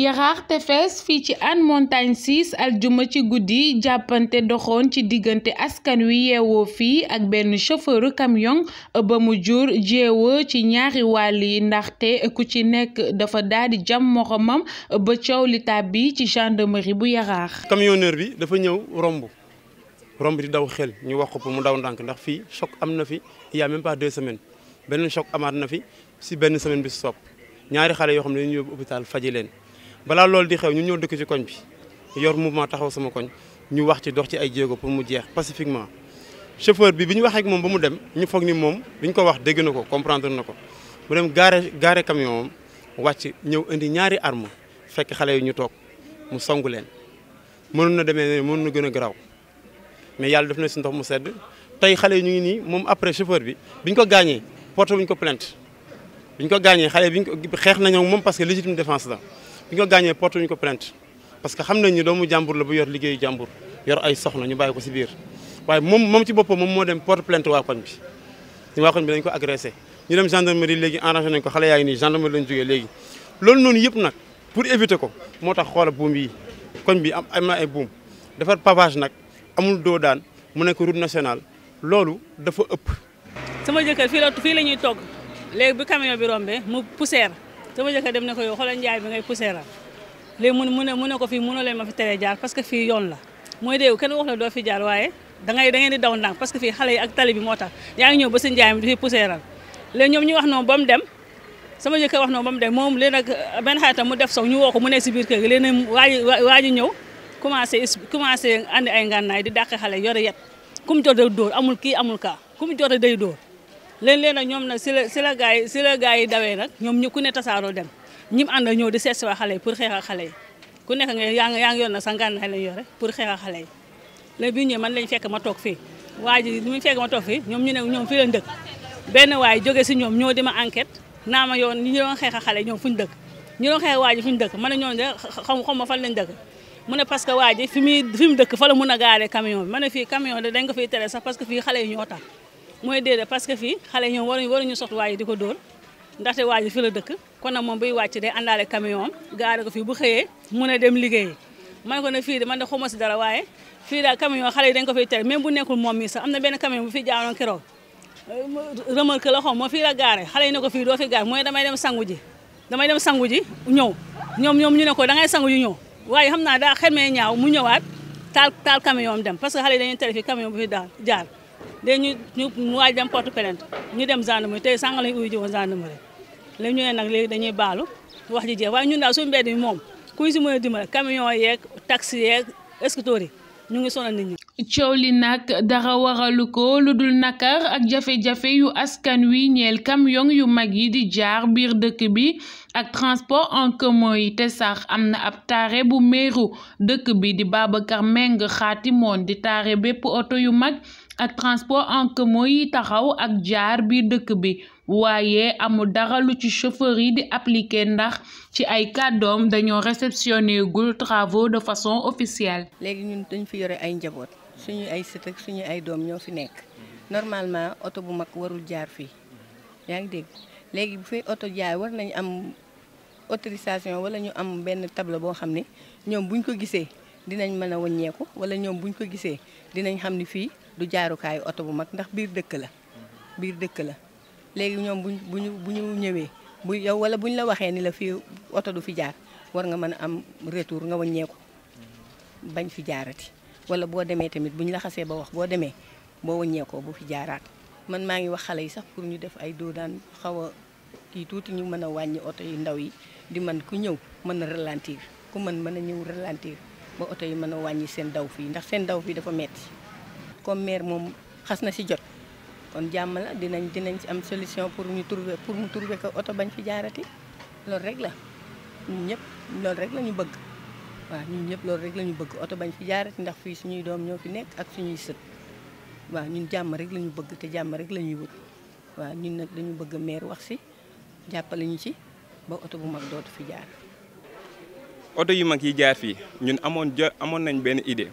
Yaraax tefes fii ci Hann Montagne 6 aljuma ci goudi jappante doxoon ci diggante askan wi yewo fi ak ben chauffeur camion ba mu jour jéewa ci ñaari wali ndaxte ku ci nek dafa daal di jam moromam ba coow li bi ci gendarmerie bu Yaraax. camionneur bi dafa ñew rombu rombu di daw xel ñu wax ko mu daw ndànk ndax fi choc amna fi il y a même pas deux semaines beneen choc amaat na fi ci benn semaine bi sopp ñaari xale yo xam ñu dañuy yóbbu hôpital faji balaa loolu di xew ñu ñëw dëkk ci koñ bi yor mouvement taxaw sama koñ ñu wax ci dox ci ay jéego pour mu jeex pacifiquement chauffeur bi bi ñu waxee ak moom ba mu dem ñu foog ni moom bi ñu ko wax dégg na ko comprendre na ko mu dem gaare gaare camion am wàcc ñëw indi ñaari arme fekk xale yi ñu toog mu songu leen mënoon na demee ne mënoon gën a garaaw mais yàlla def na si ndox mu sedd tey xale yi ñu ngi nii moom après chauffeur bi bi ñu ko gaañee porté wuñ ko bi ñu ko gaañee xale bi ñu ko xeex nañoo moom parce que légitime défense la bi ñu ko gaañee porte ñu ko plainte parce que xam nañ ni doomu jàmbur la bu yor liggéeyu jàmbur yor ay soxna ñu bàyyi ko si biir waaye moom moom ci boppam moom moo dem porte plainte waa koñ bi ñu waa koñ bi dañ ko agressé ñu dem gendarmerie léegi arrangé nañ ko xale yaa ngi nii gendarmerie lañ jógee léegi loolu noonu yëpp nag pour éviter ko moo tax xoola buum yi koñ bi am am ay buum defar pavage nag amul doo daan mu nekk route nationale loolu dafa ëpp sama jëkkër fii fii la ñuy togg léegi bi camion bi rombee mu poussière sama jëkkër dem ne ko yow xoolal njaay bi ngay poussé la léegi mun mu ne ko fi mënoo leen ma fi teree jaar parce que fii yoon la mooy dégg kenn wax la doo fi jaar waaye da ngay da ngeen di daw ndànk parce que fi xale yi ak tali bi moo tax yaa ngi ñëw ba si njaay mi di fi poussé la léegi ñoom ñu wax noonu ba dem sama jëkkër wax noonu ba mu dem moom léegi nag benn xaritam mu def sow ñu woo ko mu ne si biir kër gi léegi nag waa ji ñëw commencé commencé andi ay di dàq xale yore yet ku mu jot day dóor amul kii amul ka ku mu jot day dóor léeg-léeg nag ñoom nag si la si la gars yi si la gars yi dawee nag ñoom ñu ku ne tasaaroo dem ñi mu ànd ak ñëw di seet waa xale yi pour xeex xale yi ku nekk na sa ngànnaay lañ pour xeex ak xale yi léegi bi toog fii waa ji ñu fekk ma toog ñoom ñu ne ñoom fii lañ dëkk benn waay jóge si ñoom ñoo di ma naa ma yoon ñu doon xeex ak xale yi ñoom fu ñu dëkk ñu waa ji ñu dëkk man a ñoom de xam xam ma fan fa la mun a gaaree camion bi ma ne fii camion de dañ tere sax parce que fii xale yi ñoo tax mooy déedéet parce que fii xale ñoom waruñu waruñu sox waa ji di ko dóor ndaxte waa ji fi la dëkk kon nag moom buy wàcc day àndaale camion am gaare ko fii bu xëyee mun a dem liggéeyi man ko ne fii de man de xawma si dara waaye fii daal camion xale yi dañ ko fiy tere même bu nekkul moom mi sax am na benn camion bu fi jaanoon keroog remorque la xaw fii la gaare xale yi ne ko fii doo fi gaar mooy damay dem sangu ji damay dem sangu ji ñëw ñoom ñoom ñu ne ko da ngay sangu ji ñëw waaye xam naa daa xemee ñaaw mu ñëwaat taal taal camion am dem parce que xale yi dañuy tere fii camion bu fi daal jaar day ñu ñu dem porte plainte ñu dem gendarmerie léegi nag léegi dañuy baalu wax ji jeex waaye ñun daal suñu mbedd mi moom ku ñu si mën a dimbale camion yeeg taxi yeeg yi ñu ngi sonal nit ñi. coow li nag dara waralu ko lu dul nakar ak jafe-jafe yu askan wi ñeel camion yu mag yi di jaar biir dëkk bi ak transport en commun yi te sax am na ab taare bu meeru dëkk bi di Babacar Meng xaati moon di taare bépp oto yu mag ak transport en commun yi taxaw ak jaar bi dëkk bi waaye amul dara lu ci chauffeur yi di appliquer ndax ci ay kàddoom dañoo réceptionné gul travaux de façon officielle. léegi ñun dañ fi yore ay njaboot suñu ay sët ak suñu ay doom ñoo fi nekk normalement oto bu mag warul jaar fii yaa ngi dégg léegi bu fi oto jaay war nañ am autorisation wala ñu am benn table boo xam ne ñoom buñ ko gisee dinañ mën a wàññeeku wala ñoom buñ ko gisee dinañ xam ni fii. du jaarukaayu oto bu mag ndax biir dëkk la biir dëkk la léegi ñoom bu ñu ñëwee bu yow wala buñ la waxee ni la fii oto du fi jaar war nga mën a am retour nga waññeeku bañ fi jaarati wala boo demee tamit bu ñu laxasee ba wax boo demee boo waññeekoo bu fi jaaraat man maa ngi wax xale yi sax pour ñu def ay doo daan xaw a kii tuuti ñu mën a wàññi oto yu ndaw yi di man ku ñëw mën a ralentir ku mën mën a ñëw ralentir ba oto yi mën a wàññi seen daw fii ndax seen daw fii dafa metti comme maire mom xasna na si jot kon jamm la dinañ dinañ ci am solution pour ñu trouver pour mu trouver ko auto bañ fi jaarati lool rek la ñun ñep lool rek la ñu bëgg wa ñun ñep lool rek la ñu bëgg auto bañ fi jaarati ndax fi suñuy doom ñofi nekk ak suñuy seut wa ñun jamm rek la ñu bëgg te jamm rek la ñuy wut wa ñun nak dañu bëgg maire wax ci jappal ñu ci ba auto bu mag doot fi jaar auto yu mag yi jaar fi ñun amoon jo nañ ben idée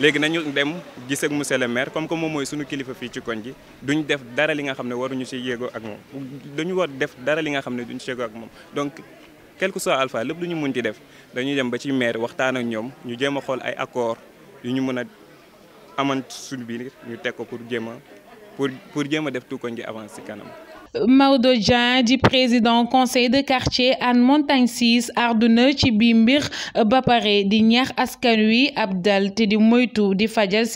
léegi nañu dem gis ak monsieur le maire comme que moom mooy suñu kilifa fii ci koñ gi duñ def dara li nga xam ne waruñu ci yéegoo ak moom dañu war def dara li nga xam ne duñ ci yéegoo ak moom donc quel que soit alpha lépp lu ñu mën def dañuy dem ba ci maire waxtaan ak ñoom ñu jéem a xool ay accord yu ñu mën a amant suñu biir ñu teg ko pour jéem a pour pour jéem a def tout koñ gi avance ci kanam Maodo du président conseil de quartier Anne Montagne 6 àdduna ci bi mbir euh, ba pare di ñaax askan wi ab te fajal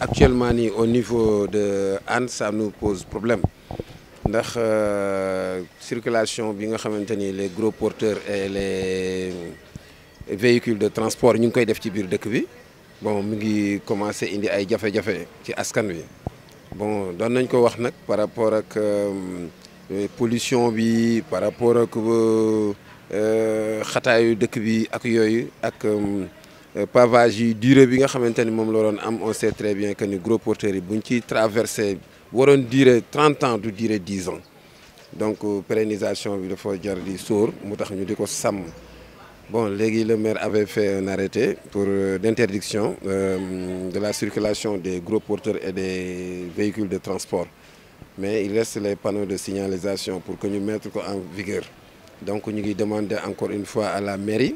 actuellement au niveau de Anne, ça nous pose problème ndax euh, circulation bi nga des les gros porteurs et les véhicules de transport ñu nous koy def ci biir dëkk bi bon nous ngi commencé à ay des jafe bon doon nañ ko wax nak par rapport ak euh, euh, pollution bi par rapport ak euh, euh xataayu dëkk bi ak yooyu ak pavage yi durée bi nga xamanteni mom moom la doon am on sait très bien que ni gros porteur yi buñ ci traverser waroon durer 30 ans du durer 10 ans donc pérennisation bi dafa jar di sour motax ñu diko sam Bon, le maire avait fait un arrêté pour euh, d'interdiction euh, de la circulation des gros porteurs et des véhicules de transport. Mais il reste les panneaux de signalisation pour que nous mettions en vigueur. Donc nous demandons encore une fois à la mairie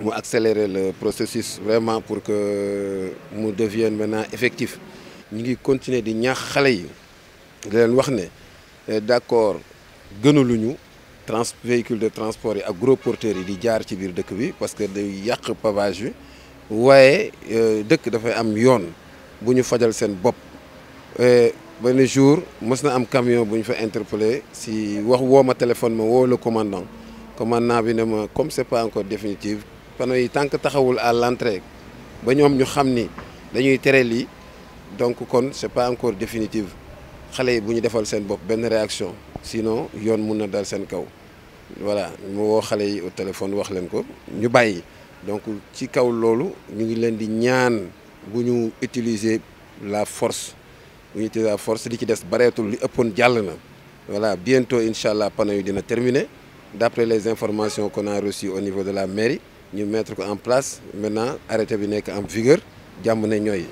d'accélérer accélérer le processus vraiment pour que nous euh, devienne maintenant effectifs. Nous continuons de nous faire D'accord, nous trans véhicule de transport et ak gros porteur yi di jaar ci biir dëkk bi parce que de yàq pavage bi waaye euh, dëkk dafay am yoon bu ñu fajal bop. bopp euh, benn jour mës na am camion bu fa interpellé si wax woo ma téléphone ma woo le commandant commandant bi ne comme c'est pas encore définitif pendant yi tant que taxawul à l'entrée ba ñoom ñu xam ni dañuy tere donc kon c'est pas encore définitif xale yi bu ñu defal seen bopp benn réaction sinon yone mun dal sen kaw voilà mo woo xale yi au téléphone wax len ko ñu bayyi donc ci kaw lolu ñu ngi len di ñaan bu utiliser la force bu ñu utiliser la force li ci des bareetul li ëppoon jall na voilà bientôt inshallah allah panneaux dina terminer d'après les informations qu'on a reçues au niveau de la mairie ñu mettre ko en place maintenant arrêté bi nek en vigueur jamm ne ñoy